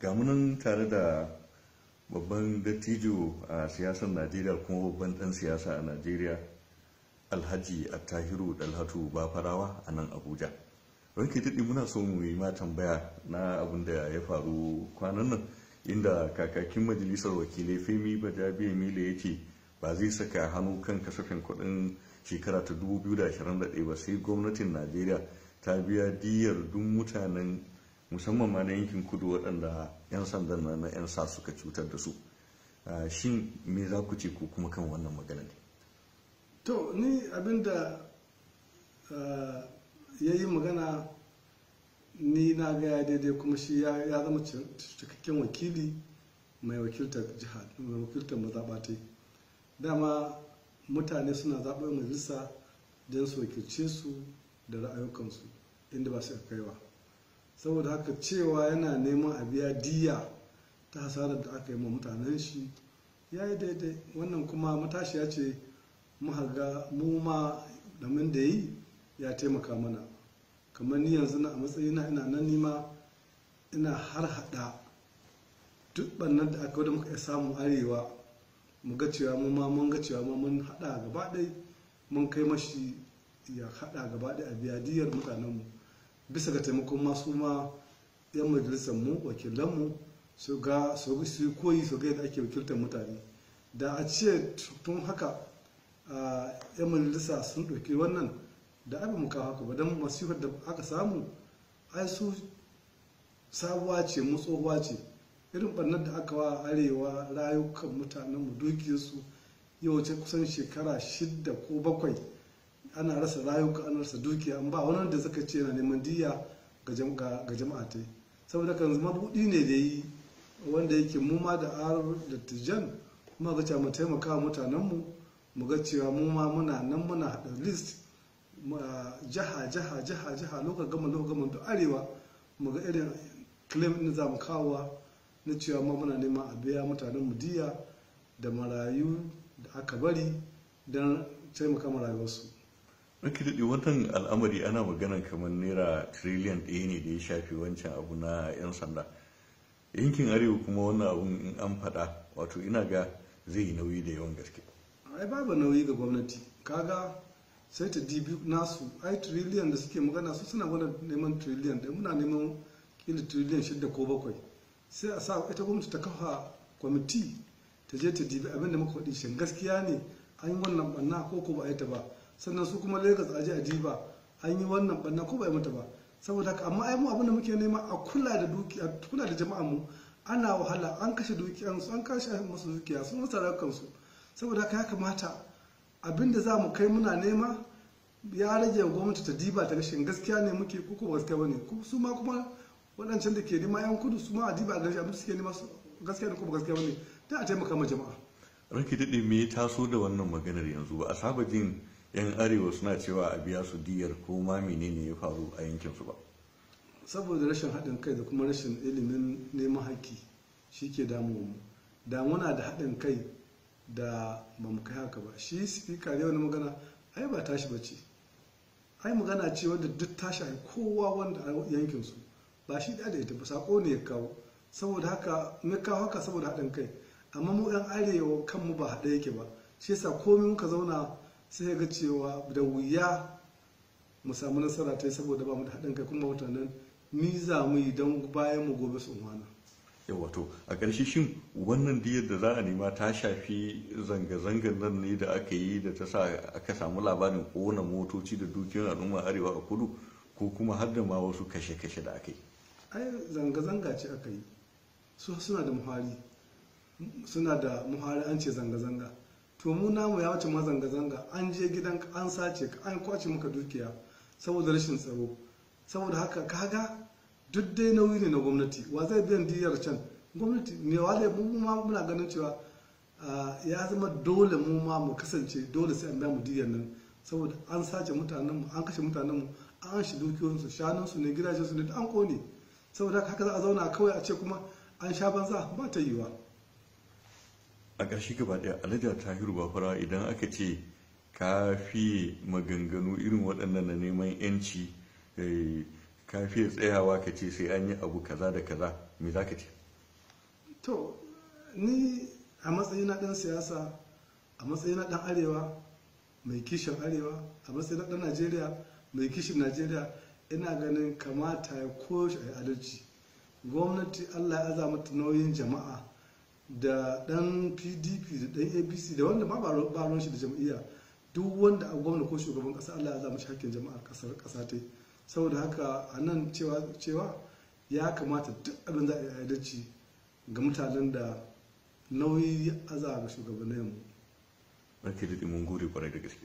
ga munan tare da babban dattijo a siyasar najeriya kuma babban dan siyasa a najeriya alhaji attahiru dalhatu bafarawa a nan abuja ranke daɗi muna so mu yi ma tambaya na abin da ya faru kwanan nan inda kakakin majalisar wakilai femi bajabiya mila ya ce ba zai saka hannu kan kasafin kuɗin shekara ta 2021 ba sai gwamnatin najeriya ta biya diyar duk mutanen musamman ma na yankin kudu waɗanda 'yan sandan na na 'yan sa suka cutar da su ah, shin me za ku ce ko kuma kan wannan magana ne to ni abinda ah, ya yi magana ni na gaya daidai kuma shi ya zama cikakken wakili mai wakiltar jihar mai wakiltar mazaɓatai dama mutane suna zaɓar majalisa don su wakilce su da ra'ayukansu inda ba su kaiwa saboda haka cewa yana neman a biya diya ta hasarar da aka yi ma mutanen shi ya yi daidai wannan kuma matashiya ce mahaga mu ma da mun da yi ya taimaka mana kamar ni yanzu na a matsayina ina nan nima ina har hada duk bannan da aka wadda muka samu arewa mu ga cewa mu ma mun ga cewa mun hada gaba mun kai mashi ya hada gaba a biya diyar mutanenmu bisa ga taimakon masu ma 'yan majalisar mu wakilanmu su ga su koyi su ga yadda ake wakiltar mutane da a ce tun haka 'yan majalisa sun ɗauki wannan da abin muka haka ba don masifar da aka samu ai su sabuwa ce matsohuwa ce irin ɓarnar da aka wa arewa rayukan mutanenmu dukiyarsu yau ce kusan shekara shida ko bakwai ana rasa rayuka ana rasa dukiya an ba wani da suka ce yana neman diya ga jama'a ta saboda kan zama buɗi ne da yi wanda yake mu ma da ar da tijan kuma ga cewa mu taimaka mutanenmu mu ga cewa mu ma muna nan muna haɗa list jiha jiha jiha jiha lokar gama lokar gama da arewa mu ga irin claim ina za kawo na cewa ma muna neman a biya mutanen mu diya da marayu da aka bari don taimaka marayuwarsu Ranki daɗi wannan al'amari ana magana kamar naira tiriliyan ɗaya ne da ya shafi wancan abu na 'yan sanda. Yankin Arewa kuma wannan abun in an faɗa wato ina ga zai yi nauyi da yawan gaske. Ai babu nauyi ga gwamnati. Kaga sai ta dibi nasu ai tiriliyan da suke magana su suna wani neman tiriliyan da muna neman kila tiriliyan shida ko bakwai. Sai a sa ita gwamnati ta kafa kwamiti ta je ta dibi abinda da muka faɗi shin gaskiya ne an yi wannan ɓanna ko ko ba a yi ta ba. sannan su kuma lagos aji a diba an yi wannan banna ko bai mata ba saboda haka amma ai mu abin da muke nema a kula da dukiya kula da jama'a mu ana wahala an kashe dukiyan su an kashe musu dukiya sun rakan su saboda haka ya kamata abin da za mu kai muna nema ya rage gwamnati ta diba ta rashin gaskiya ne muke ko kuma gaskiya bane su ma kuma waɗancan da ke nema yan kudu su ma a diba a gaskiya abin suke nema gaskiya ne ko gaskiya bane ta a taimaka ma jama'a ranki me ya taso da wannan maganar yanzu ba a saba jin yan arewa suna cewa a biya su diyar ko ma menene ya faru a yankin su ba saboda rashin haɗin kai da kuma rashin ilimin neman haƙƙi shi ke damuwa mu da muna da haɗin kai da ba mu kai haka ba shi spika da wani magana ai ba tashi bace ai magana ce wadda duk tashi ai kowa wanda a yankin su ba shi da da ita ba sako ne ya kawo saboda haka me kawo haka saboda haɗin kai amma mu ɗan arewa kanmu ba haɗe yake ba shi yasa komai muka zauna sai ga cewa da wuya mu samu nasara ta saboda ba mu da haɗin kai kuma mutanen ni za mu yi don bayan mu gobe sun wana wato a ƙarshe shin wannan diyar da za a nema ta shafi zanga-zangar nan ne da aka yi da ta sa aka samu labarin kona motoci da dukiyar al'umma arewa a kudu ko kuma har da ma wasu kashe-kashe da aka yi ai zanga-zanga ce aka yi suna da muhari suna da muhari an ce zanga-zanga to mu namu ya wuce ma zanga-zanga an je gidan an sace ka an kwace maka dukiya saboda rashin tsaro saboda haka kaga duk dai nauyi ne na gwamnati wa zai biyan diyar can gwamnati ne wa zai mu ma muna ganin cewa ya zama dole mu ma mu kasance dole sai an biya mu diyar nan saboda an sace mutanen mu, an kashe mutanen mu, an shi dukiyoyinsu shanunsu ne gidajen su ne an kone saboda haka za a zauna kawai a ce kuma an sha banza ba ta yiwuwa a ƙarshe gaba ɗaya alajar tahiru fara idan aka ce ka fi maganganu irin waɗannan na neman yanci eh, ka fi tsayawa ka ce sai an yi abu kaza da kaza me za ka ce to ni a na ɗan siyasa a na ɗan arewa mai kishin arewa a na ɗan najeriya mai kishin najeriya ina ganin kamata ya koshi a yi adalci gwamnati allah ya aza mata nauyin jama'a da dan pdp da dan apc da wanda ma ba ruwan shi da jam'iyya duk wanda a gwamna ko shugaban kasa allah ya zama hakkin jama'ar kasar kasa ta saboda haka a nan cewa ya kamata duk abin za a yi adalci ga mutanen da nauyi a ga shugabanninmu. Barke da mun gode kwarai da gaske.